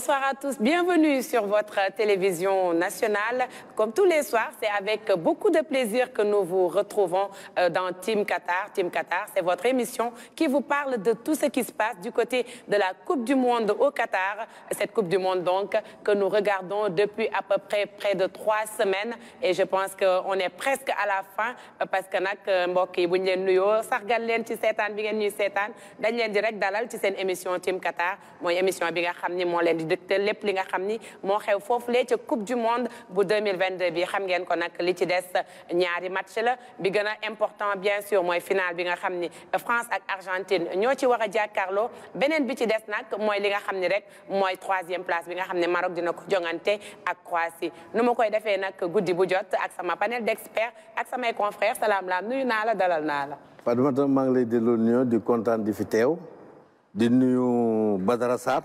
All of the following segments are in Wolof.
Bonsoir à tous, bienvenue sur votre télévision nationale. Comme tous les soirs, c'est avec beaucoup de plaisir que nous vous retrouvons euh, dans Team Qatar. Team Qatar, c'est votre émission qui vous parle de tout ce qui se passe du côté de la Coupe du Monde au Qatar. Cette Coupe du Monde, donc, que nous regardons depuis à peu près près de trois semaines. Et je pense qu'on est presque à la fin parce qu'on a que. dalal émission dégtal lépp li nga xam ni moo xew foofulee ca coupe du monde bu 2022 bi xam ngeen ko nag li ci des ñaari match la bi gën a important bien sûr mooy final bi nga xam ni France ak Argentine ñoo ci war a jàkkaarloo beneen bi ci des nag mooy li nga xam ni rek mooy troisième place bi nga xam ne Maroc dina ko jongante ak Croatie nu ma koy defee nag guddi bu jot ak sama panel d'experts ak samay confrères salaam laam nuyu naa la dalal naa la Fatoumata maa ngi lay delloo nuyoo di kontaan di fi teew di nuyu Badara Sarr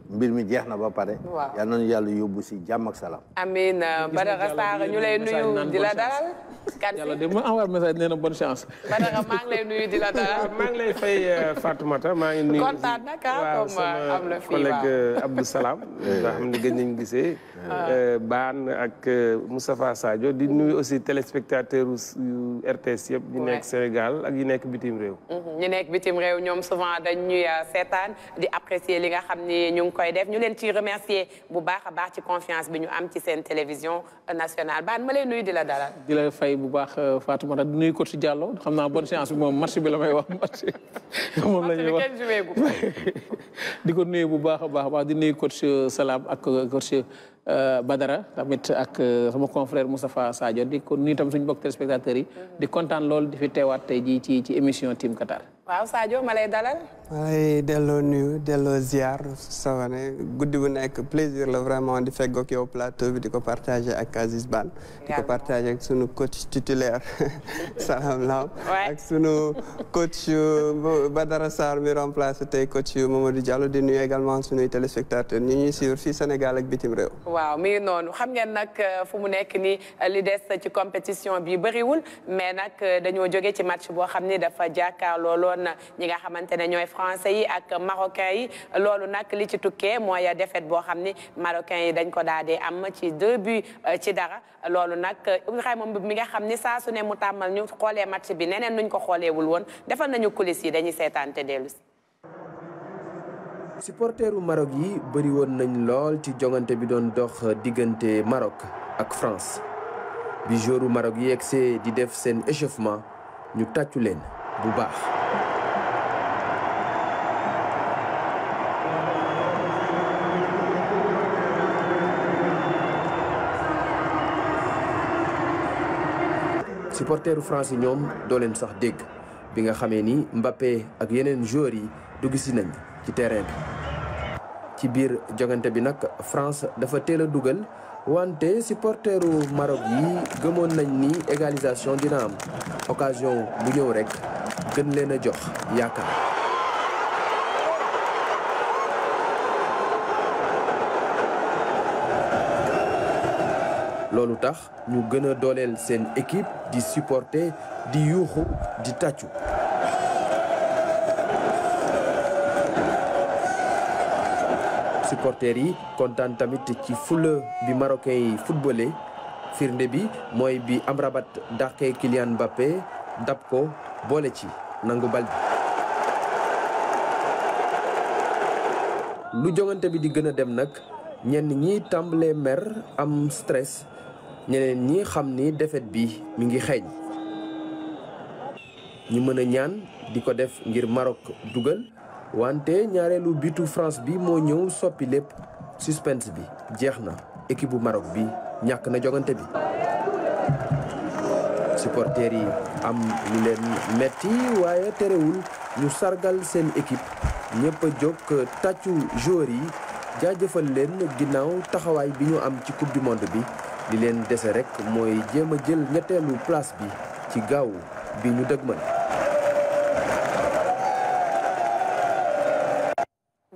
mbir mi jeexna ba pare. ya nañu yalla yobbu ci jam ak salam amina baraka Sarr ñu lay nuyu di la dal yalla kan yàlla de ma envoyé message neena bonne chance. baraka ma ngi lay nuyu di la dal ma ngi lay fay euh, Fatoumata ma ngi nuyu. kontaan nak ah comme euh, am na fii collègue euh, Abdou Salam. nga xamni gën gëj nañu gisee. Ah. Baan ak Moustapha Sadio di nuyu aussi téléspectateurs yu RTS yëpp. di nekk Sénégal ak yu nekk bitim réew. ñu nekk bitim réew mhm. ñom souvent dañ ñuy seetaan di apprécier li nga xamni ñu koy def ñu leen ci remercier bu baax baax ci confiance bi ñu am ci sen télévision nationale baan ma lay nuyu di la dalal. di la fay bu baax euh, Fatoumata di nuyu coach Diallo xamna bonne séance bi moom bi la may wax match moom la wax di ko nuyu bu baax baax a baax di nuyu coach euh, Salam ak euh, coach Badara tamit ak sama confrère Moustapha Sadio di ko nuyu tam suñu mbokk téléspectateurs yi. Mm-hmm. di kontaan lool di fi téwaat tay ji ci ci émission Team Qatar waaw Sadio ma lay dalal. ma lay delloo nuyu delloo ziar Savané guddi bu nekk plaisir la vraiment di feggoog au plateau bi di ko partagé ak Aziz Ban. di ko partagé ak sunu coach titulaire Salam Lam. ak sunu coach euh, Badara Sarr mi remplacé tey coach Mamadou Diallo di nuyu également sunuy téléspectateurs ñi ñuy suivre fii Sénégal ak bitim réew. waaw mi ngi noonu xam ngeen nag euh, fu mu nekk nii euh, li dess ci compétition bi bëriwul mais nag dañoo jóge ci match boo xam ni dafa jàkkaarloo doon ñi nga xamante ne ñooy français yi ak marocain yi loolu nag li ci tukkee mooy défaite boo xam ni marocain yi dañ ko daal di am ci deux buts euh, ci dara loolu nag euh, Ibrahima Mbub mi nga xam ni saa su ne mu tàmmal ñu xoolee match bi neneen nuñ ko xooleewul woon defal nañu coulisses yi dañuy seetaan te dellu si supporteru yi bëri woon nañ lool ci jongante bi doon dox diggante Maroc ak France bi joueuru Maroc yi yegsee di def seen échauffement ñu tàccu leen bu baax supporteru France yi ñoom doo leen sax dégg bi nga xamee ni mbappe ak yeneen joueurs yi dugg si nañ ci terrain bi. ci biir jogante bi nag France dafa teel a dugal wante supporteru Maroc yi gëmoon nañ ni égalisation dina am occasion bu ñëw rek gën leen a jox yaakaar. loolu tax ñu gën a dooleel seen équipe di supporter di yuuxu di tàccu supporters yi kontaan tamit ci fula bi marocain yi footballé firnde bi mooy bi Amrabat dàqee Kylian Mbappé dab ko boole ci nangu bal bi lu jongante bi di gën a dem nag ñenn ñi tàmbalee mer am stress ñeneen ñi xam ni defet bi mi ngi xeeñ ñu mën a ñaan di ko def ngir Maroc dugal wante ñaareelu bitu France bi moo ñëw soppi lépp suspense bi jeex na équipe bu Maroc bi ñàkk na jogante bi supporters yi am lu leen metti waaye terewul ñu sargal seen équipe ñëpp a jóg tàccu joueurs yi jaajëfal leen ginnaaw taxawaay bi ñu am ci coupe du monde bi li leen dese rek mooy jéem a jël ñetteelu place bi ci gaaw bi ñu dëgmal.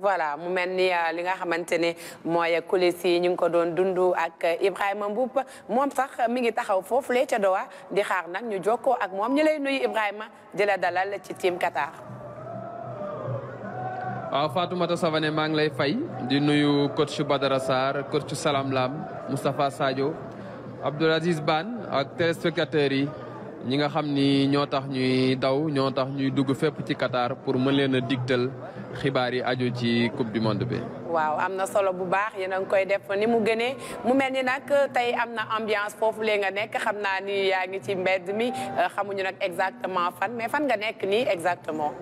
voilà mu mel ni euh, li nga xamante ne mooy coulisses yi ñu ngi ko doon dund ak Ibrahima Mboup moom sax mi ngi taxaw foofu lay ca Doha di xaar nag ñu jokkoo ak moom ñu lay nuyu Ibrahima di la dalal ci team Qatar. waaw Fatoumata Savané maa ngi lay fay. di nuyu coach Badara Sarr coach salaam Lam Moustapha Sadio Abdoul Aziz Ban ak téléspectateurs yi ñi nga xam ni ñoo tax ñuy daw ñoo tax ñuy dugg fépp ci Qatar pour mën leen a digtal xibaar yi ajo ci coupe du monde bi. waaw am na solo bu baax yéen a ngi koy def ni mu gënee mu mel ni nag tey am na ambiance foofu lee nga nekk xam naa ni yaa ngi ci mbedd mi euh, xamuñu nag exactement fan mais fan nga nekk nii exactement.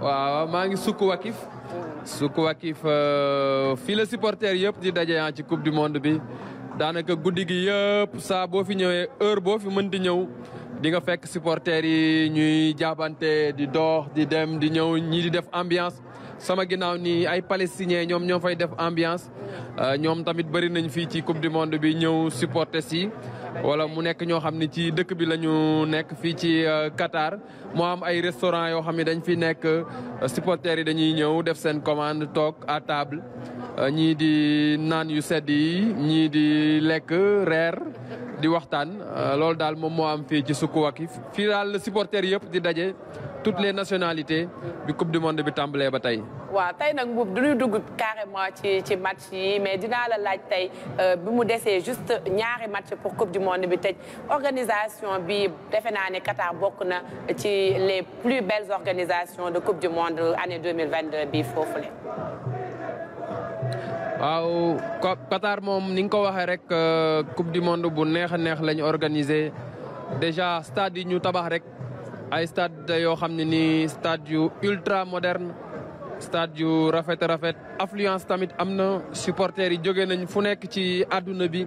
waaw maa ngi sukk wakif Soukou Wakif euh, fii la supporter yëpp di daje ah, ci coupe du monde bi daanaka guddi gi yëpp saa boo fi ñëwee heure boo fi mën mënti ñëw di nga fekk supporter yi ñuy jaabante di dox di dem di ñëw ñii di def ambiance sama ginnaaw nii ay palestiniens ñoom ñoo fay def ambiance euh, ñoom tamit bëri nañ fii ci coupe du monde bi ñëw supporter si wala mu nek ño xamni ci dëkk bi lañu nek fi ci euh, Qatar mo am ay restaurant yo xamni dañ fi nek supporters yi dañuy ñëw def sen commande tok à table euh, ñi di nan yu sedd yi ñii di lek reer di waxtaan euh, lool dal moom mo am fi ci Sukuwaki fii daal supporters yëpp di dajé toutes les nationalités bi coupe du monde bi tàmbalee ba tay wa tay nak boobu duñu dugg carrément ci ci match yi mais dina la laaj tay bi mu déssé juste ñaari match pour coupe du monde bi tëj organisation bi defe naa Qatar bokk na ci les plus belles organisations de coupe du monde année 2022 bi foofule waaw Qatar moom ni nga ko waxee rek euh, coupe du monde bu neex a neex la déjà stade ñu tabax rek ay stade yoo xam ne stade ultra moderne stade de rafet rafet affluence tamit Amna, supporters yi jóge nañ fu nekk ci àdduna bi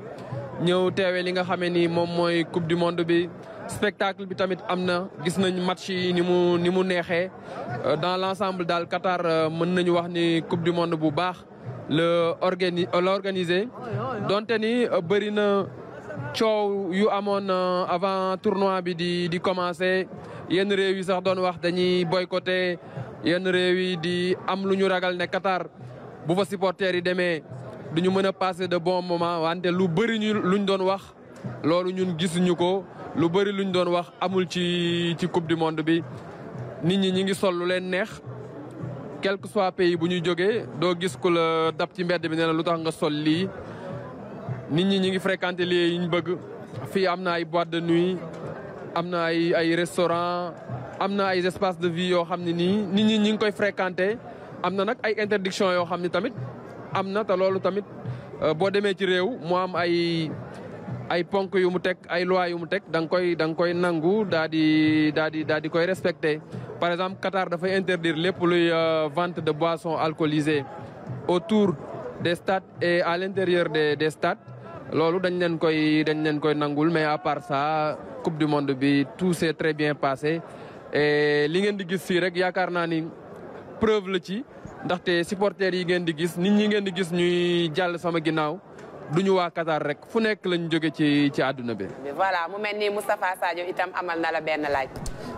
ñëw téwé li nga xamé ni mom moy coupe du monde bi spectacle bi tamit amna gis nañ match yi ni mu ni mu nexé euh, dans l'ensemble dal Qatar euh, mën nañ wax ni coupe du monde bu baax le organi la ni euh, bëri na coow yu amone avant tournoi bi di di commencer yenn réew yi sax doon wax dañuy boycotté yenn réew yi di am lu ñu ragal ne Qatar bu fa supporters yi démé du ñu passer de bons moments. wante lu bëri ñu luñ doon wax loolu ñun gisuñu ko lu bëri luñ doon wax amul ci ci coupe du monde bi nit ñi ñi ngi sol lu leen neex quel que soit pays bu ñuy jógee doo gis ku la dab ci mbedd bi nee na lu tax nga sol lii nit ñi ñi ngi fréquenter lieux yi ñu bëgg fii am ay boîte de nuit am na ay ay restaurant am na ay espaces de vie yoo xam ni nii nit ñi ñi ngi koy fréquenter am na nag ay interdiction yoo xam tamit amna ta lolou tamit euh, bo demee ci réew mo am ay ay ponk yu mu tek ay loi yu mu tek dang koy dang koy nangu daa di daa di di koy respecté par exemple Qatar fay interdire lepp luy euh, vente de boissons alcoolisées autour des stades et à l'intérieur des des stades lolou dañ len koy dañ len koy nangul mais à part ça coupe du monde bi tout s'est très bien passé et li ngeen di gis fii rek yakarna ni preuve la ci ndaxte supporters yi ngeen di gis nit ñi ngeen di gis ñuy jàll sama ginnaaw duñu wa Qatar rek fu nek lañu jóge ci ci aduna bi. voilà mu melni mustapha Sadio itam amal na la ben laaj.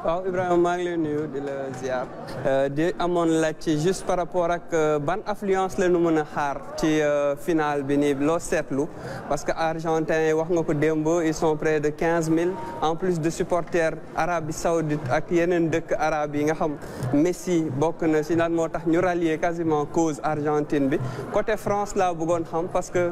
waaw Ibrahima ma ngi lay nuyu di la ziar euh, di amone laaj ci juste par rapport ak euh, ban affluence la nu mën xaar ci euh, finale bi ni lo parce que argentin et wax nga ko dembo ils sont près de 15 000 en plus de supporters arabes saoudite ak yeneen dëkk arabes yi nga xam Messi bokk na si lan moo tax ñu rallier quasiment cause Argentine bi côté France la bëggoon xam parce que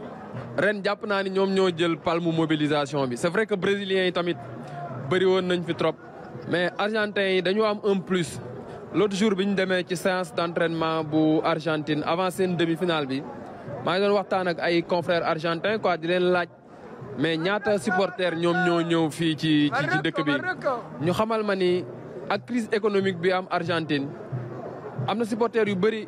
ren jàpp naa ni ñoom ñoo jël palmu mobilisation bi c'est vrai que brésiliens yi tamit bëri woon nañ fi trop mais argentins yi dañoo am un plus l'autre jour bi ñu demee ci séance d'entraînement bu Argentine avant seen demi-finale bi maa ngi doon waxtaan ak ay confrères argentins quoi di leen laaj mais ñaata supporters ñoom ñoo ñëw fii ci ci dëkk bi ñu xamal ma ni ak crise économique bi am Argentine am na supporters yu bëri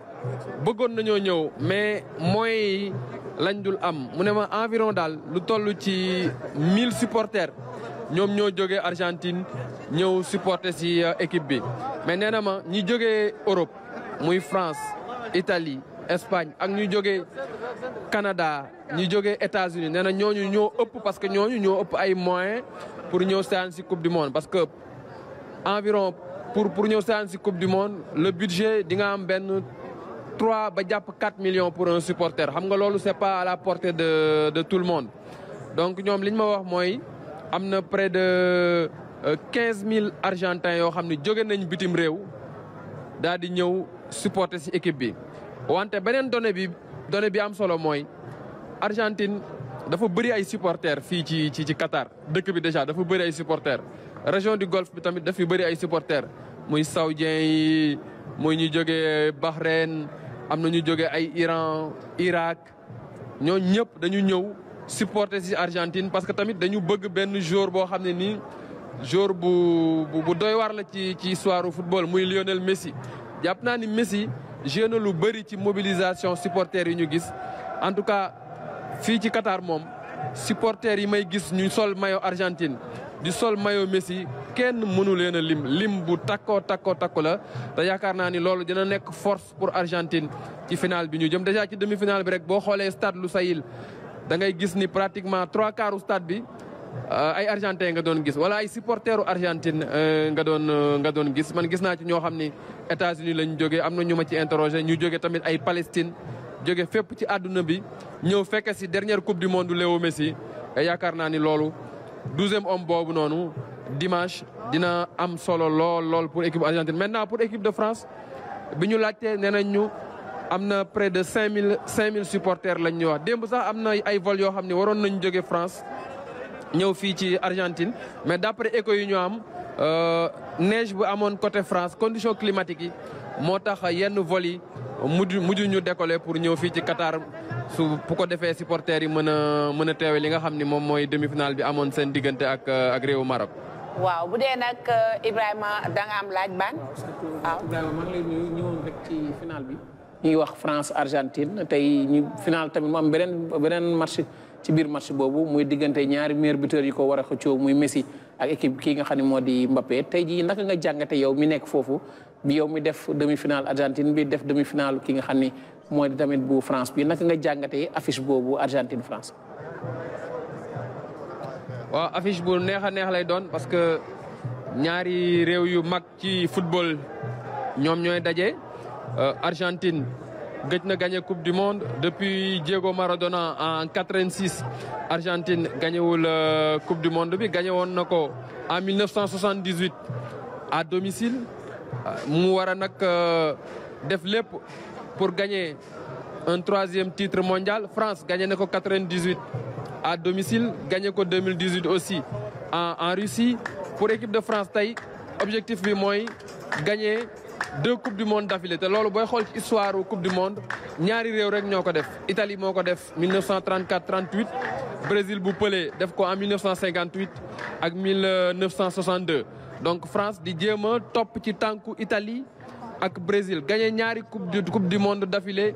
bëggoon nañoo ñëw mais mooy Nous avons am environ 1000 supporters nous ñoo joué Argentine nous supporter si euh, équipe mais nous avons ma ñi Europe muy France Italie Espagne ak Canada nous jógee États-Unis Nous sommes joué parce que nous avons ëpp ay moyens pour nous séance la coupe du monde parce que environ pour pour nous séance la coupe du monde le budget est nga am 3 ba jàpp 4 millions pour un supporter xam nga loolu c'est pas à la portée de de tout le monde donc ñoom li ñu ma wax mooy am na près de 15000 euh, argentins yoo xam ne jóge nañ bitim réew daal di ñëw supporter ci équipe bi. wante beneen donnée bi donnée bi am solo mooy Argentine dafa bëri ay supporter fii ci ci ci Qatar dëkk bi déjà dafa bëri ay supporters région du Golfe bi tamit dafa bëri ay supporters muy saoudien yi muy ñu jóge Bahreïn. am na ñu jóge ay Iran Irak ñoo ñëpp dañu ñëw supporter si Argentine parce que tamit dañu bëgg benn joueur boo xam ne nii joueur bu bu doy war la ci ci histoire football muy Lionel Messi. jàpp naa ni Messi joué na lu bëri ci mobilisation supporters yi ñu gis en tout cas fii ci Qatar moom supporters yi may gis ñu sol maillot Argentine. di sol Mayo Messi kenn mënu leena lim lim bu takko takko takko la da yakarna ni loolu dina nek force pour Argentine ci final bi ñu jëm déjà ci demi final bi rek bo xolé stade Lusail da ngay gis ni pratiquement trois quarts stade bi euh, ay argentin nga doon gis wala ay supporteru Argentine euh, nga doon euh, nga doon gis man gis na ci ño xamni ni États-Unis lañ joggé amna ñuma ci interroger ñu joggé tamit ay Palestine joggé fep ci aduna bi ñëw fekk si dernière coupe du monde Leo Messi yakarna ni lolo douzième homme bobu nonou dimanche dina am solo lol pour équipe argentine maintenant pour l'équipe de France nous avons près de 5000 5000 supporters lañ ñu wax demb sax nous ay vol France ñëw ci Argentine mais d'après écho yi ñu am euh, neige côté France conditions climatiques moo tax yenn vol yi mujj mujj ñu décoller pour ñëw fii ci Qatar su bu ko defee supporters yi mën a mën a teewe li nga xam ni moom mooy demi-finale bi amoon seen diggante ak ak réewu Maroc. waaw bu dee nag euh, Ibrahima da nga am laaj baan. waaw Ibrahima maa ci bi. ñuy wax France Argentine tey ñu finale tamit mu beneen beneen match ci biir match boobu muy diggante ñaari meilleurs buteurs yi ko war a xëccoo muy Messi ak équipe kii nga xam ne moo di Mbappé tey jii naka nga jàngate yow mi nekk foofu bi yow mi def demi-finale Argentine bi def demi-finale ki nga xam ni mooy tamit bu France bi naka nga une affiche boobu Argentine France. waaw affiche bu neex a lay parce que ñaari réew yu mag ci football ñoom ñooy daje euh, Argentine. gëj na gagné coupe du monde depuis Diego Maradona en 86 Argentine gagné wul euh, coupe du monde bi gagné woon na en 1978 à domicile mu avons euh, pour gagner un troisième titre mondial France gagné 98 à domicile gagné ko 2018 aussi en Russie pour l'équipe de France tay, objectif bi gagner deux coupes du monde d'affilée Té lolu boy coupe du monde ñaari réew rek def Italie moko def 1934 38 Brésil bu Pelé def ko en 1958 ak 1962 donc France di jema top ci tanku Italie ak Brésil gagné ñaari coupe du coupe du monde d'affilée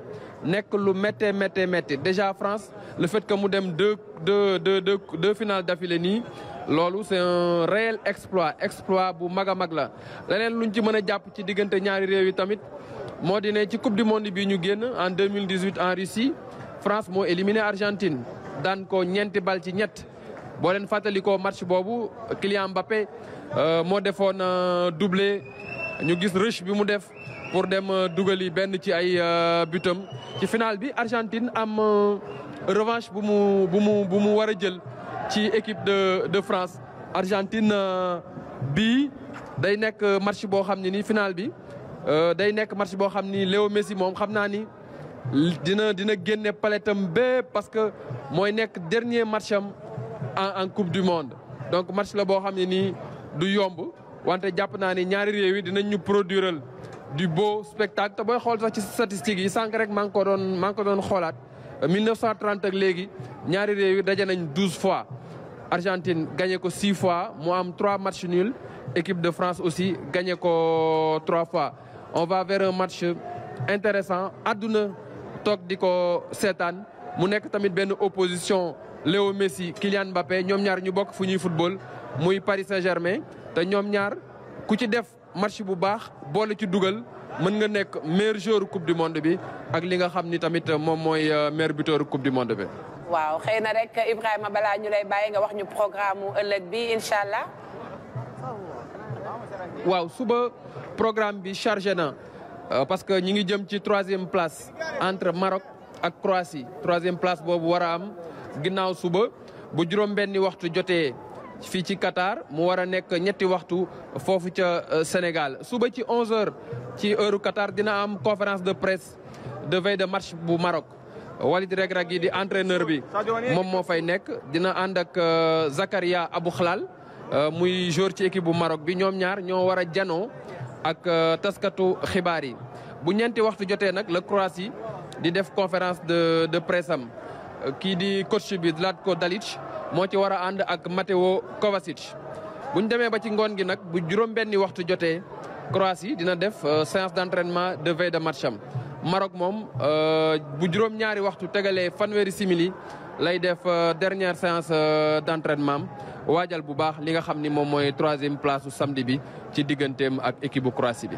que lu metté metté metté déjà France le fait que mu dem deux deux deux deux deux finales d'affilée ni lolu c'est un réel exploit exploit bu Maga Magla. mag la. leneen luñ ci mëna japp ci ñaari réew yi tamit ci coupe du monde bi ñu génn en 2018 en Russie France mo éliminé Argentine dan ko ñeenti bal ci ñett. Bolen leen match Bobu, Kylian Mbappé euh, euh, doublé ñu gis rush bi pour dem euh, dougali Ben ci ay ci final bi Argentine revanche équipe de de France Argentine bi day match bo bi day match Léo Messi mom dina dina parce que moy dernier matcham en en coupe du monde donc match la le xam ne Nous du yomb wante japp naa ni ñaari réew dinañ ñu produire du beau spectacle te booy xool sax ci statistiques yi sànq rek maa ko doon maa ko doon xoolaat 1930 euh, ak léegi ñaari réew yi nañ 12 fois Argentine gagné ko 6 fois mu am 3 matchs nuls équipe de France aussi gagné ko 3 fois on va vers un match intéressant àdduna toog di ko seetaan mu nekk tamit benn opposition Léo Messi Kylian Mbappé ñom ñaar ñu bok fu ñuy football muy Paris Saint-Germain té ñom ñaar ku ci def match bu baax boole ci duggal mën nga nek meilleur joueur coupe du monde bi ak li nga xamni tamit mom moy euh, meilleur buteur coupe du monde bi. waaw xeyna rek Ibrahima bala ñu lay baye nga wax ñu programme ëlëk bi inshallah waaw suba programme bi chargé na euh, parce que ñi ngi jëm ci troisième place entre Maroc ak Croatie troisième place bobu wara am. ginnaw suba bu juróom benn waxtu jotee fi ci Qatar mu wara nek ñetti waxtu fofu ci euh, Sénégal suba ci 11h ci heure Qatar dina am conférence de presse de veille de match bu Maroc. Walid Regragui di entraîneur bi mom mo fay nek dina and ak euh, Zakaria Abou Khlal euh, muy joueur ci équipe bu Maroc bi ñom ñaar ño wara jano ak taskatu xibaari bu ñenti waxtu jotee nak le Croatie di def conférence de de presse am. kii di coach bi Zlatko Dalic moo ci war a ànd ak Mateo Kovacic bu ñu demee ba ci ngoon gi nag bu juróom-benni waxtu jotee Croatie dina def euh, séance d'entraînement de veille de match am Maroc moom euh, bu juróom-ñaari waxtu tegalee fanweeri simili lay def euh, dernière séance d'entraînement waajal bu baax li nga xam ni moom mooy troisième place su samedi bi ci digganteem ak équipe bu bi.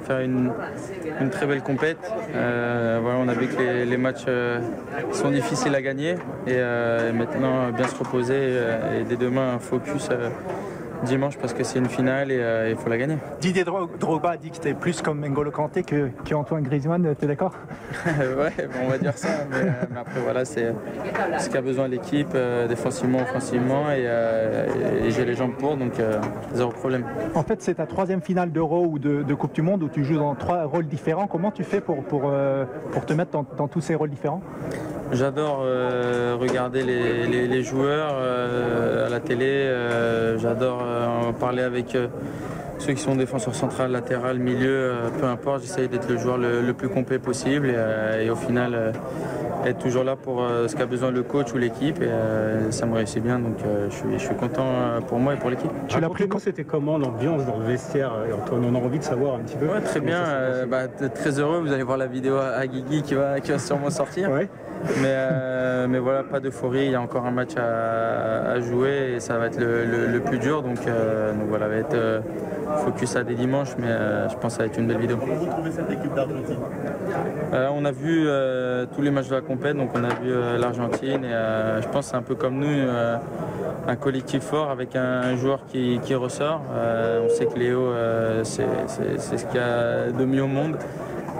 faire une, très belle compète. Euh, voilà, on a vu que les, matchs euh, sont difficiles à gagner et, euh, maintenant bien se reposer et, dès demain focus dimanche parce que c'est une finale et euh, il faut la gagner. Didier Drogba a dit que t'es plus comme N'Golo Kanté que, que, Antoine Griezmann, euh, es d'accord Ouais, on va dire ça, mais, euh, après voilà, c'est ce qu'a besoin l'équipe défensivement, offensivement et, j'ai les jambes pour, donc zéro problème. En fait, c'est ta troisième finale d'Euro ou de, Coupe du Monde où tu joues dans trois rôles différents. Comment tu fais pour, pour, pour te mettre dans tous ces rôles différents J'adore euh, regarder les, joueurs euh, à la télé, euh, j'adore en parler avec eux ceux qui sont défenseurs central, latéral, milieu, euh, peu importe, j'essaye d'être le joueur le, plus complet possible et, euh, au final euh, être toujours là pour ce qu'a besoin le coach ou l'équipe et ça me réussit bien donc je, suis, content pour moi et pour l'équipe. Tu l'as pris quand c'était comment l'ambiance dans le vestiaire Antoine on a envie de savoir un petit peu. très bien, bah, très heureux, vous allez voir la vidéo à Guigui qui va, qui sûrement sortir. mais, mais voilà, pas d'euphorie, il y a encore un match à, jouer et ça va être le, plus dur donc, donc voilà, va être focus à des dimanches, mais euh, je pense que ça va être une belle vidéo. Comment cette équipe d'Argentine euh, On a vu euh, tous les matchs de la compète, donc on a vu l'Argentine, et je pense que c'est un peu comme nous, un collectif fort avec un, joueur qui, qui ressort. on sait que Léo, c'est ce qu'il y a de mieux au monde.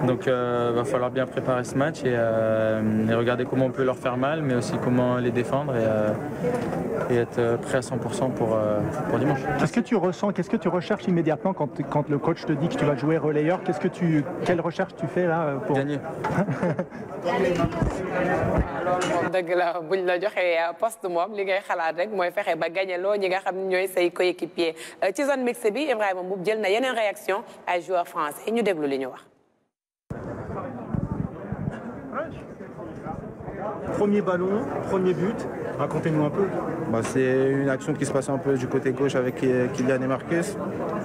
Donc il euh, va falloir bien préparer ce match euh, et, regarder comment on peut leur faire mal, mais aussi comment les défendre et, euh, être prêt à 100% pour, pour dimanche. Qu'est-ce que tu ressens, qu'est-ce que tu recherches immédiatement quand, le coach te dit que tu vas jouer relayeur Qu'est-ce que tu, Quelle recherche tu fais là pour gagner réaction Premier ballon, premier but, racontez-nous un peu. Bah, c'est une action qui se passe un peu du côté gauche avec Kylian et Marcus.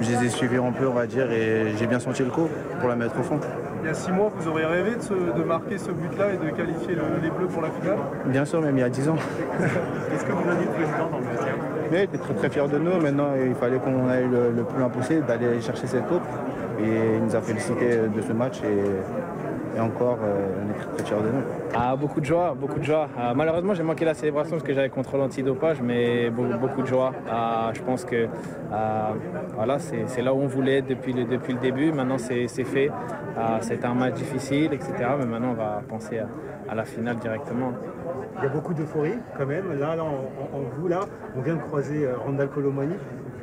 Je les ai suivis un peu, on va dire, et j'ai bien senti le coup pour la mettre au fond. Il y a six mois, vous auriez rêvé de, marquer ce but-là et de qualifier les Bleus pour la finale Bien sûr, même il y a dix ans. Qu'est-ce que vous avez dit le président dans le vestiaire Il était très fier de nous. Maintenant, il fallait qu'on aille le, plus loin possible, d'aller chercher cette coupe. Et il nous a félicité de ce match et et encore, euh, on est très, de nous. Ah, beaucoup de joie, beaucoup de joie. Ah, malheureusement, j'ai manqué la célébration parce que j'avais contrôle l'antidopage mais beaucoup, de joie. Ah, je pense que voilà, c'est là où on voulait depuis le, depuis le début. Maintenant, c'est fait. c'est un match difficile, etc. Mais maintenant, on va penser à, la finale directement. Il y a beaucoup d'euphorie quand même. Là, là on, vous, là, on vient de croiser euh, Randall Colomani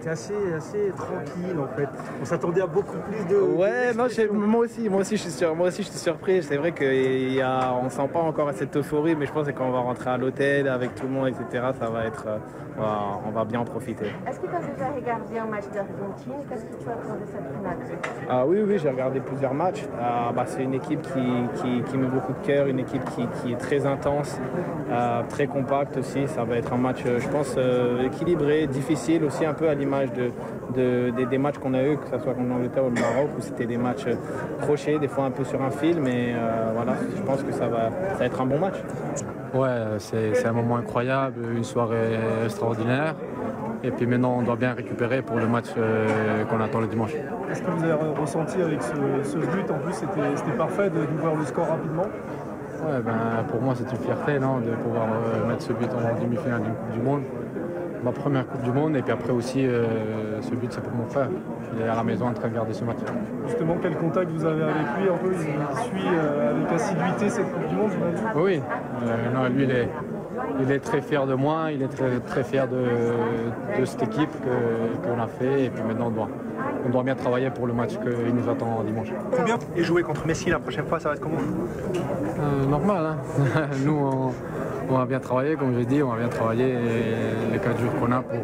c'était assez, assez tranquille en fait. On s'attendait à beaucoup plus de. Ouais, non, moi aussi, moi aussi, je suis moi aussi, je suis surpris. C'est vrai qu'on ne on sent pas encore cette euphorie, mais je pense que quand on va rentrer à l'hôtel avec tout le monde, etc., ça va être, euh, on va bien en profiter. Est-ce que tu as déjà regardé un match d'Argentine Qu'est-ce que tu as regardé de cette finale ah, Oui, oui, j'ai regardé plusieurs matchs. Ah, bah, c'est une équipe qui, qui, met beaucoup de cœur, une équipe qui, qui est très intense, euh, très compacte aussi. Ça va être un match, euh, je pense, équilibré, difficile aussi un peu à des, matchs qu'on a eu, que ce soit contre l'Angleterre ou le Maroc, où c'était des matchs euh, crochés, des fois un peu sur un fil, mais euh, voilà, je pense que ça va, être un bon match. Ouais, c'est un moment incroyable, une soirée extraordinaire. Et puis maintenant, on doit bien récupérer pour le match euh, qu'on attend le dimanche. est ce que vous avez ressenti avec ce, but En plus, c'était parfait d'ouvrir le score rapidement. Ouais, ben, pour moi, c'est une fierté non, de pouvoir mettre ce but en demi-finale du, du monde ma première Coupe du Monde et puis après aussi celui ce but c'est pour mon frère il est à la maison en train de garder ce match. Justement quel contact vous avez avec lui un peu il suit euh, avec assiduité cette Coupe du Monde Oui, euh, lui il est, il est très fier de moi, il est très, très fier de, cette équipe qu'on a fait et puis maintenant on doit, on doit bien travailler pour le match qu'il nous attend dimanche. Combien Et jouer contre Messi la prochaine fois ça va être comment euh, Normal hein nous on va bien travailler, comme j'ai dit, on va bien travailler les 4 jours qu'on a pour,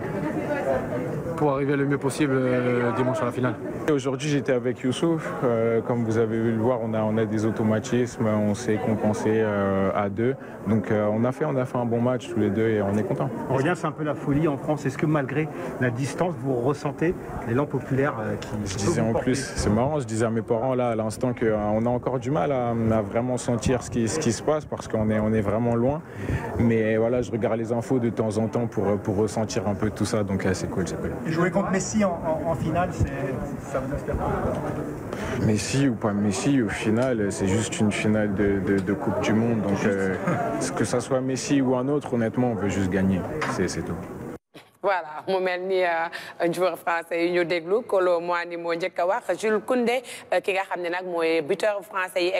pour arriver le mieux possible euh, dimanche à la finale. Aujourd'hui, j'étais avec Youssouf. Euh, comme vous avez vu le voir, on a, des automatismes, on s'est compensé euh, à deux. Donc euh, on, a fait, on a fait un bon match tous les deux et on est content. On c'est un peu la folie en France. Est-ce que malgré la distance, vous ressentez l'élan populaire qui. Je disais en plus, c'est marrant, je disais à mes parents là à l'instant qu'on a encore du mal à, vraiment sentir ce qui, se passe parce qu'on est, vraiment loin. Mais voilà, je regarde les infos de temps en temps pour, ressentir un peu tout ça. Donc c'est cool, c'est cool. Jouer contre Messi en, en finale, c'est Messi ou pas Messi, au final, c'est juste une finale de, Coupe du Monde. Donc, euh, que ça soit Messi ou un autre, honnêtement, on veut juste gagner. C'est tout voilà mu mel ni euh, joueur français yi ñu déglu Kolo Muani moo njëkk a Jules Koundé euh, ki nga xam ne nag buteur français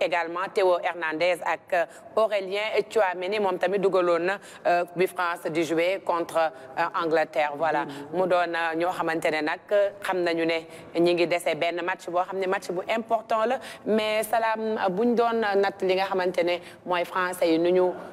également Théo Hernandez ak euh, Aurélien as amené tamit ami na bi France du jouer contre Angleterre voilà mu doon ñoo xamante ne nag xam nañu ne ñi ngi dese benn match boo xam match bu important la mais salam, buñ doon natt li nga xamante ne français yi ñu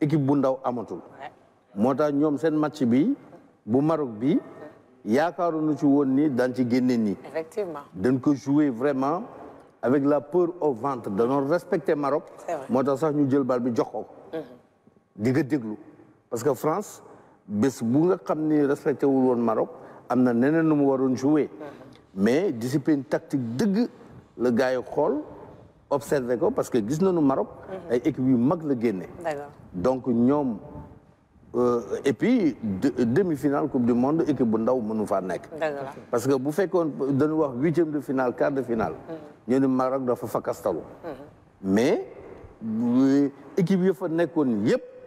équipe bu ndaw amatul moo ñom sen match bi bu Maroc bi yaakaaroonu ci won ni dañ ci génne ni effectivement dañ ko jouer vraiment avec la peur au ventre de non respecter Maroc moo sax ñu jël bal bi jox ko mhm. di nga déglu parce que France bés bu nga xamni respecter wul won Maroc amna na nu mu waron jouer mhm. mais discipline tactique deug le gars yi xol observer ko parce que gis nañu Maroc mhm. ay équipe yu mag la d'accord donc ñoom euh, et puis demi-finale coupe du monde équipe bu ndaw mënu faa nekk. parce que bu fekkoon dañu wax huitième de finale quart de finale. Mm-hmm. ñu Maroc dafa fakastalu mm-hmm. mais équipe yi fa nekkoon yëpp.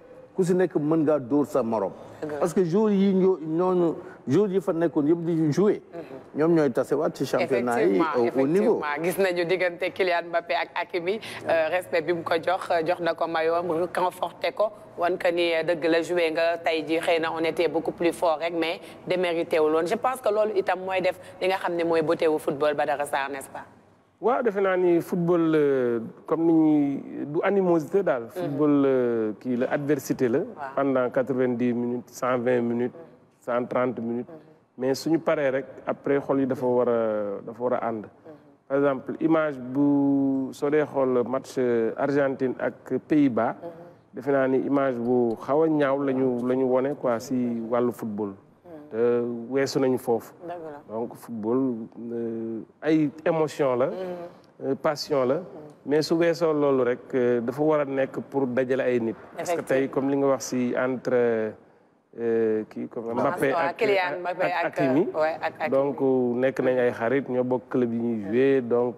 ku si nekk mën ngaa dóor sa morom. parce que jour yi ñoo ñooñu jour yi fa nekkoon yëpp di jouer. Mhm. ñoom ñooy tasewaat ci championnat yi au niveau. gis nañu diggante Kylian Mbappé ak Hakimi euh, respect bi mu ko jox euh, jox na ko mayoom conforté ko wan que ni euh, dëgg la joué nga tay ji xëy na on était beaucoup plus fort rek mais démérité wu loon je pense que loolu itam mooy def li nga xam ne mooy beauté wu football Badara Sarr n'est-ce pas. Oui, il le football, euh, comme animosité. Le mm. football qui euh, est l'adversité pendant 90 minutes, 120 minutes, 130 mm. minutes. Mm-hmm. mais ce Mais si paraît parlons, après, il faut être Par exemple, l'image le match euh, Argentine avec les Pays-Bas, c'est l'image de un peu a grande le football te euh, weesu nañu foofu. donc football euh, ay émotion la. Mm-hmm. Euh, passion la. Mm-hmm. mais su weesoo loolu rek dafa wara nek pour dajale ay nit. parce que tay comme li nga wax si entre. qui comme Mbappé ak Hakimi donc nek nañ ay xarit ñoo bok club yi ñuy mm-hmm. joué donc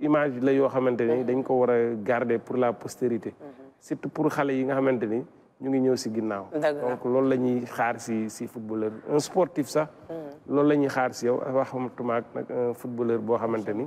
image la yoo xamante ni dañ ko wara garder pour la postérité. surtout pour xalé yi nga xamanteni ñu ngi ñëw si ginnaaw. donc loolu la ñuy xaar si si footballeur un sportif sax. Hmm. loolu la ñuy xaar si yow waxatuma ak nag un footballeur boo xamante ni.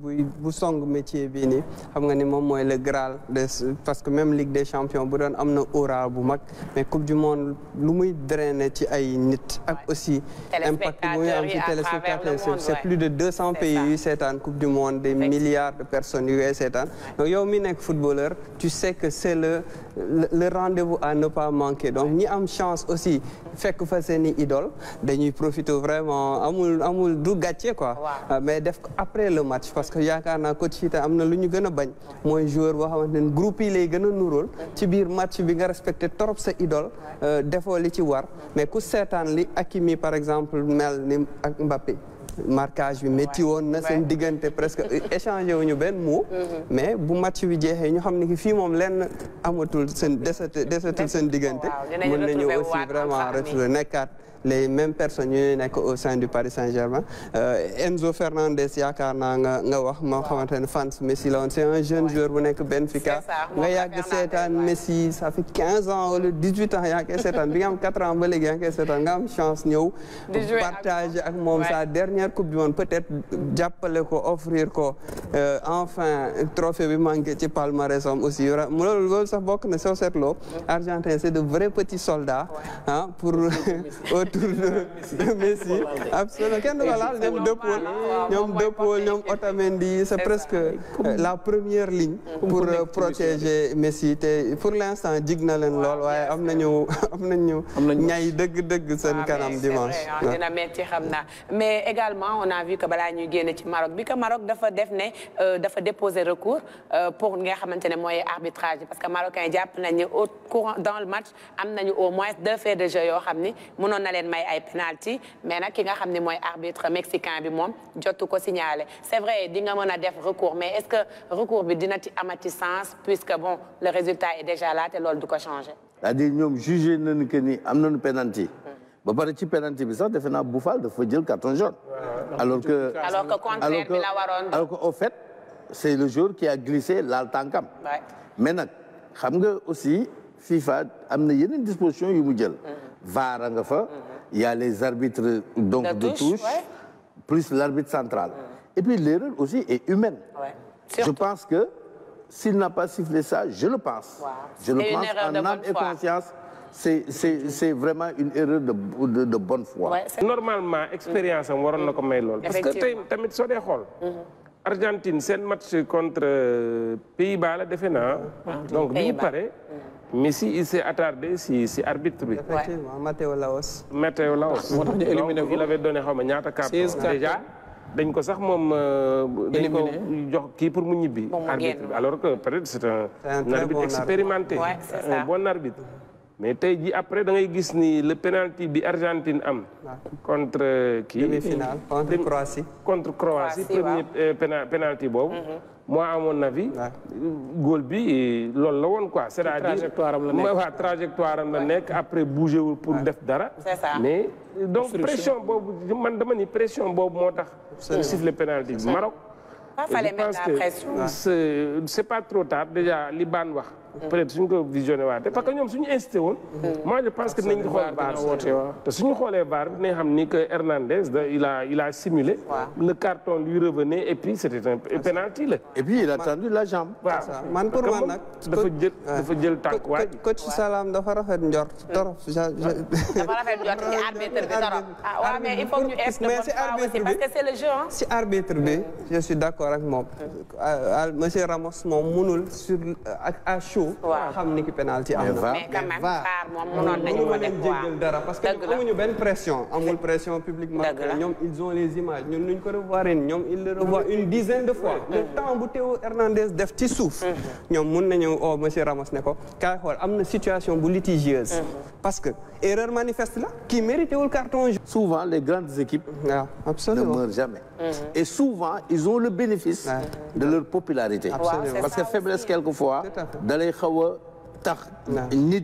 Vous bu song métier béni nii xam nga le graal parce que même Ligue des champions vous avez un aura bu mag mais coupe du monde lu muy drainer ci ay nit ak aussi impact muy am ci téléspectateurs c'est plus de 200 pays yuy coupe du monde des milliards de personnes eu cette année donc yow mi un footballeur tu sais que c'est le le rendez-vous à ne pas manquer donc ni am chance aussi fekk fa seen i idole dañuy profité vraiment amul amul du gàcce quoi. Euh, mais def après le match parce que yaakaar naa coach yi am na lu ñu gën a bañ. mooy joueur boo xamante ne groupe yi lay gën a nuróol ci biir match bi nga respecté trop sa idole euh, defoo li ci war mais ku seetaan li Hakimi par exemple mel ni ak Mbappé. marquage bi métti woon na seen diggante presque échangé ñu benn mot mhm. mais bu match bi jeexee ñu xam ne ki fii moom lenn amatul seen desatul seen diggante mën nañu aussi vraiment retrouver nekkaat les mêmes personnes qui au sein du Paris Saint-Germain. Euh, Enzo Fernandez, c'est un jeune joueur qui est Benfica. Ça, a que est un Messi, ça fait 15 ans, au 18 ans, il y a 7 ans. Il y a 4 ans, il y a 7 ans. Il y a une chance de partager avec moi ouais. sa dernière Coupe du Monde. Peut-être d'appeler, mm offrir euh, enfin un trophée qui manque de palmarès aussi. Je veux savoir que c'est un peu de c'est de vrais petits soldats hein, pour. tour de Messi absolument Quand du ko laal ñoom De Paul ñoom De Paul ñoom Otamendi c'est presque euh, la première ligne pour euh, protéger Messi pour l'instant jig na leen lool waaye am nañu ñay dëgg-dëgg seen ah, kanam dimanche hein, mais également on a vu que balaa ñuy génn ci Maroc bi que Maroc dafa def ne euh, dafa déposer recours pour nga xamante ne arbitrage parce que marocain a nañu au courant dans le match am au moins deux faits de jeu yoo xam ni leen may ay penalty mais nak ki nga xamni moy arbitre mexicain bi mom jotou ko signaler c'est vrai di nga meuna def recours mais est-ce que recours bi dina ci amati sens puisque bon le résultat est déjà là té lolou du ko changé c'est-à-dire ñoom jugé nañu que ni am nañu penalty ba pare ci penalty bi sax defe boufal Bouffal fa jël carton jaune alors que alors que contraire bi la waroon alors que au fait c'est le joueur qui a glissé l'altankam tànkam mais nak xam nga aussi FIFA amna yeneen disposition yu mu jël mm-hmm. VAR il y a les arbitres donc de touche, plus l'arbitre central. Mhm. Et puis l'erreur aussi est humaine. Je pense que s'il n'a pas sifflé ça, je le pense. Je le pense en âme et conscience. C'est vraiment une erreur de, de, bonne foi. Normalement, expérience, on voit na Parce que tu tamit mis dee xool. Mhm. Argentine un match contre euh, Pays-Bas la donc il paré mhm mais si il s'est attardé si si arbitre effectivement Matteo Laos. Matteo Laos. éliminé il avait donné comme ma ñaata carte. déjà dañ ko sax moom. Euh, dañ ko pour arbitre alors que peut-être c'est un. arbitre expérimenté. un bon arbitre. mais tey après da ngay gis ni le penalty de Argentine am. contre qui euh, demi-finale contre Croatie. contre Croatie premier euh, penalty moi à mon avis. Golbi bi loolu la quoi. c'est-à-dire trajectoire la trajectoire am la nekk après bouger pour pour def dara. mais donc pression boobu man dama ni pression boobu motax tax. ñu siffle penalty bi fallait je pense que c'est pas trop tard déjà l'Iban, wax peut-être suñ ko visionné waatee parce que ñom suñ insisté won moi je pense que nañ ko xool bar woote waaw. te suñu xoolee VAR xam ni que Hernandez da il a il a simulé. le carton lui revenait et puis c'était un ah, penalty là et puis il a tendu la jambe. waaw man pour man nak dafa jël dafa jël tànk waay. coach Salam dafa rafet njort torop. dafa rafet njort ci arbitre bi torop. ah wa mais il faut ñu egg mais si arbitre parce que c'est le jeu ah. si arbitre bi je suis d'accord avec mom euh, monsieur Ramos mom munul sur euh, à chaud on xam ni une penalty am na. mais quand même pression publique ils ont les images ñun nous ko ils le revoient une dizaine de fois. le mm-hmm. temps bu Théo Hernandez def ci suuf. Mm-hmm. ñoom mun nañu oh, Ramos ne ko situation litigieuse. Mm-hmm. parce que erreur manifeste là, qui le carton jaune. souvent les grandes équipes. ne meurent jamais. Mhm. Et souvent, ils ont le bénéfice de leur popularité. Absolument. Parce que faiblesse, quelquefois, d'aller les un tax nit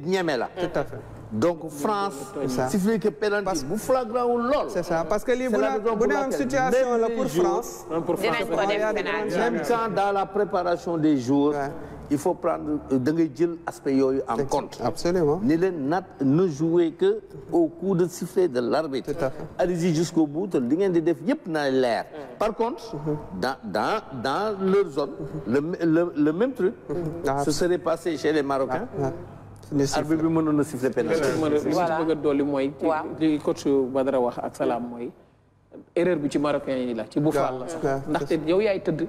donc France si que parce bu flagrant ou lol, c'est ça parce que vous bu la la situation pour France. pour même quand dans la préparation des jours. il faut prendre euh, l'aspect aspect en compte. absolument ne jouer que au coup de sifflet de l'arbitre. allez-y jusqu'au bout li def na par contre. Mm-hmm. dans dans dans leur zone. Mm-hmm. le même truc. Mm-hmm. ce serait passé chez les Marocains. arbitre bi mënoon na siffler pénalty li ma bëgg a dolli mooy li coach Badara wax ak salaam mooy erreur bi ci marocain yi la ci Bouffal la sax ndaxte yow yaay tëdd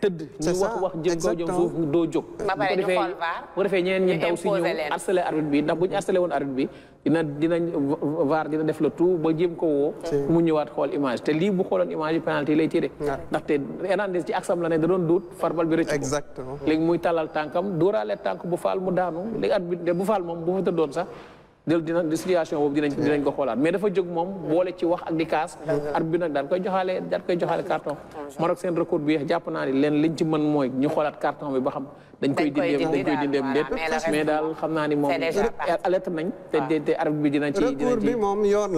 tëdd ñu wax wax jëm koo jëm suuf doo jóg bu ko defee bu ko defee ñeneen ñi daw si ñëw harcelé arbitre bi ndax bu ñu harcelé woon arbitre bi dina dinañ VAR dina def le tout ba jéem ko woo mu ñëwaat xool image te lii bu xooloon image yi penalty lay tiré ndaxte Hernandez ci aksam la ne da doon duut farbal a rëcc exactement léegi muy talal tànkam dóoraale tànk bu faal mu daanu bu faal moom bu fa tëddoon sax del dina situation boobu dinañ dinañ ko xoolaat mais dafa jóg moom boole ci wax ak di kaas koy joxaale daan koy joxaale seen recours bi jàpp naa leen liñ ci mën mooy ñu xoolaat carton dañ koy dindi dañ koy dindi alerte te bi dina ci bi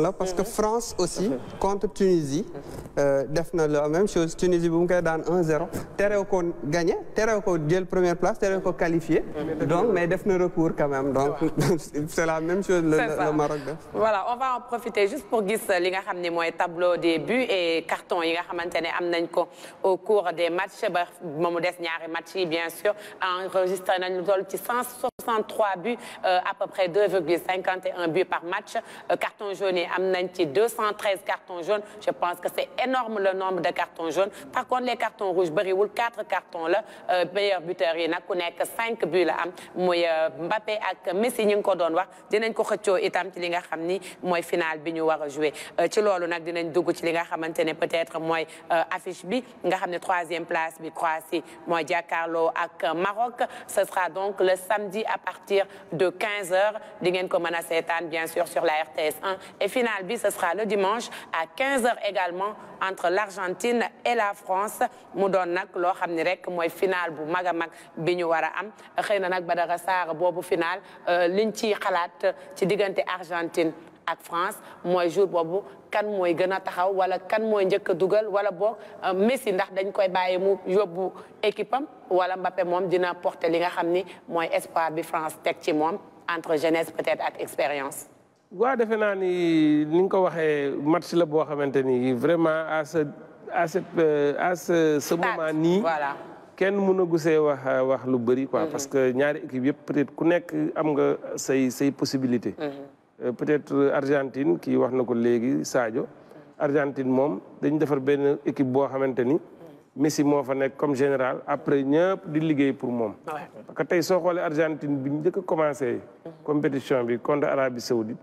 la parce que mhm. France aussi mhm. contre Tunisie mhm. euh, def la même chose Tunisie bu mu koy daan 1-0 terew ko gagné terew ko jël première place terew ko qualifié donc mais def recours quand même donc c'est la même chose le Maroc def voilà on va en profiter juste pour Guiss, li nga xam ne tableau des buts et cartons yi nga xamante ne ko au cours des matchs ba mu des ñaari matchs bien sûr enregistré un qui qui 63 buts euh, à peu près 2,51 buts par match carton jaune yi 213 cartons jaunes je pense que c'est énorme le nombre de cartons jaunes par contre les cartons rouges bëriwul quatre cartons là. Euh, meilleur buteur il nag ku 5 buts là. Moi euh, Mbappé et Messi ñu ngi ko doon wax dinañ ko xëccoo itam ci li nga xam ni mooy final bi ñu war jouer ci dugg ci li nga peut-être moi affiche bi nga xam 3 troisième place bi Croatie moi jàkkaarloo ak Maroc ce sera donc le samedi partir de 15 h di ngeen ko bien sûr sur la RTS 1 et finale bi ce sera le dimanche à 15 h également entre l'Argentine et la France mu doon nag loo xam final rek mooy finale bu mag a mag bi ñu war am xëy na Badara finale euh, liñ Argentine France moi jour kan moy gëna taxaw wala kan moy ñëk ou wala bok euh, Messi ndax dañ koy mu équipe am wala Mbappé dina porter li nga espoir bi France tek ci entre jeunesse peut-être avec expérience. Wa défé vraiment à ce euh, moment là voilà wax euh, wax lu quoi. Mm-hmm. parce que ñaari équipe peut-être ku nekk am possibilité. Mm-hmm. Euh, peut-être euh, Argentine kii wax na ko léegi Sadio Argentine moom dañ defar benn équipe boo xamante ni Messi moo fa nekk comme général après ñëpp di liggéey pour moom parce que tey soo xoolee Argentine bi njëkk a commencé compétition bi contre Arabie Saoudite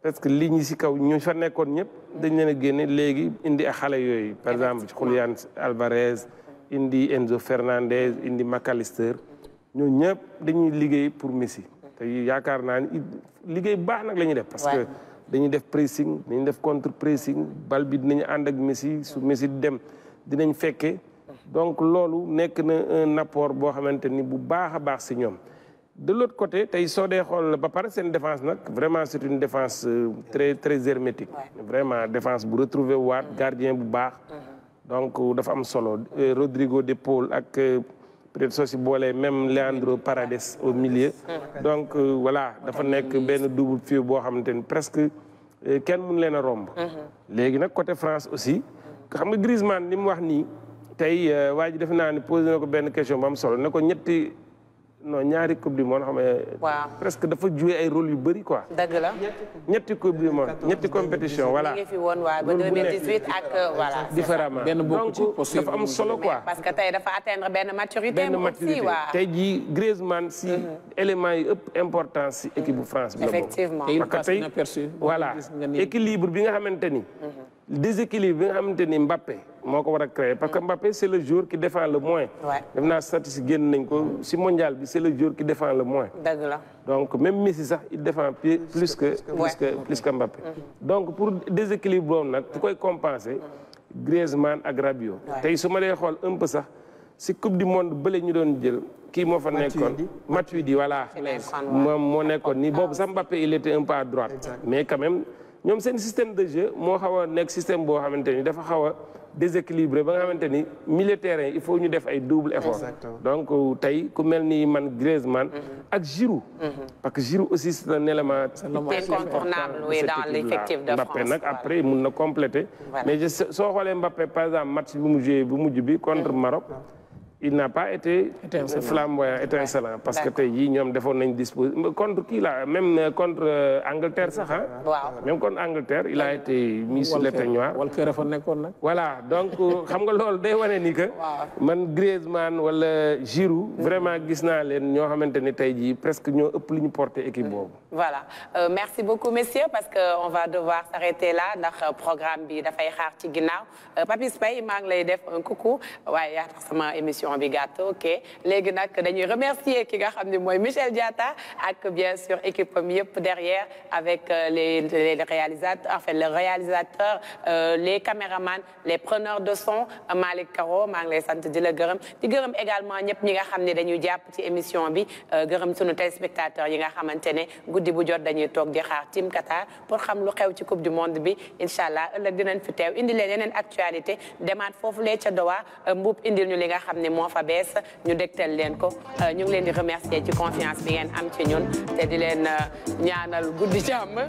parce que li ñi si kaw ñu fa nekkoon ñëpp dañ leen a génne léegi indi ak xale yooyu par exemple Julian Alvarez indi Enzo Fernandez indi McAllister ñoo ñëpp dañuy liggéey pour Messi te yaakaar naa ni liggéey bu baax nag la ñuy def. parce que dañuy def pressing dañuy def contre pressing bal bi dinañu ànd ak Messi su Messi dem dinañ fekkee. donc loolu nekk na un apport boo xamante ni bu baax a baax si ñoom. de l'autre côté tey soo dee xool ba pare seen défense nag vraiment c'est une défense euh, très très hermétique. vraiment défense bu retrouver waat mm-hmm. gardien bu baax. Mm-hmm. donc dafa am solo euh, Rodrigo de Paul ak. Euh, peut si boolee même Leandro Paredes au milieu. donc euh, voilà dafa nekk benn double fii boo xamante ni presque euh, kenn mun leen a romb. Mhm. léegi nag côté France aussi. xam nga Griezmann li mu wax nii tey euh, waa ji defe naa ne posé na ko benn question bu am solo ne ko ñetti. non ñaari coupe du monde xam nga. waaw presque dafa joué ay rôle yu bëri quoi. dëgg la ñetti coupe du monde ñetti compétition voilà. ñu ngi fi woon waaw ba 2018 ak euh, voilà. donc dafa am solo quoi. parce que tey dafa atteindre benn maturité. benn maturité tey jii Griezmann si mhm. élément yi ëpp importance si équipe bu mhm. France bi la bokk. effectivement parce que équilibre bi nga xamante ni. Mhm. déséquilibre bi nga xamante ni Mbappé moko wara créer parce que mm. Mbappé c'est le joueur qui défend le moins. On a statistique génn nañ ko si mondial bi c'est le joueur qui défend le moins. dëgg la donc même Messi sax il défend plus plus que. plus que plus que Mbappé. Mm-hmm. donc pour déséquilibre boobu nag mm. koy compenser. Mm. Griezmann ak Rabiot. tay suma lay xol un peu sax si coupe du monde beulé ñu doon jël. kii moo fa nekkoon Matuidi voilà. mo moo nekkoon nii sax ah, Mbappé il était un peu à droite. mais quand même avons seen système de jeu moo xaw a système boo xamante dafa xaw déséquilibré ba nga xamante il faut ñu def ay double effort donc euh, tey ku mel man Griezmann mm-hmm. ak Giroud mm-hmm. parce que Giroud aussi c'est un élément incontournable dans l'effectif de France. après il na compléter mais je soo xoolee Mbappé par exemple match bu mu bu mujj bi contre mm-hmm. Maroc il n'a pas été flamboyant étincelant parce que tey jii ñoom defoon nañ disposé contre kii la même euh, contre euh, Angleterre sax ah même contre Angleterre il a été mis sur le peignoir Walker fa nekkoon nag voilà donc euh, xam nga loolu day wane ni que man Griezmann wala Giroud mm. vraiment gis naa leen ñoo xamante ni tey jii presque ñoo ëpp lu ñu porté équipe mm. boobu voilà euh, merci beaucoup messieurs parce que on va devoir s'arrêter là notre euh, programme bi fay xaar ci ginnaaw euh, Papis Paye maa ngi lay def un coucou waaye yaa tax sama émission bi gàtt ok léegi nag dañuy remercier ki nga xam ne mooy Michel Diatta ak bien sûr équipe am yëpp derrière avec euh, les les réalisateurs en fait les réalisateurs euh, les caméramans les preneurs de son Malik Caro maa ngi lay sant di la gërëm di gërëm également ñëpp ñi nga xam ne dañuy jàpp ci émission bi gërëm sunu téléspectateurs yi nga xamante ne guddi bu jot dañuy toog di xaar team Qatar pour xam lu xew ci coupe du monde bi incha allah ëllëg dinañ fi teew indi leen yeneen actualité demaat foofu lee ca Doha euh, mbuub indil ñu li nga xam ne moo fa bees ñu dégtal leen ko euh, ñu leen di remercier ci confiance bi ngeen am ci ñun te di leen euh, ñaanal guddi jàmm.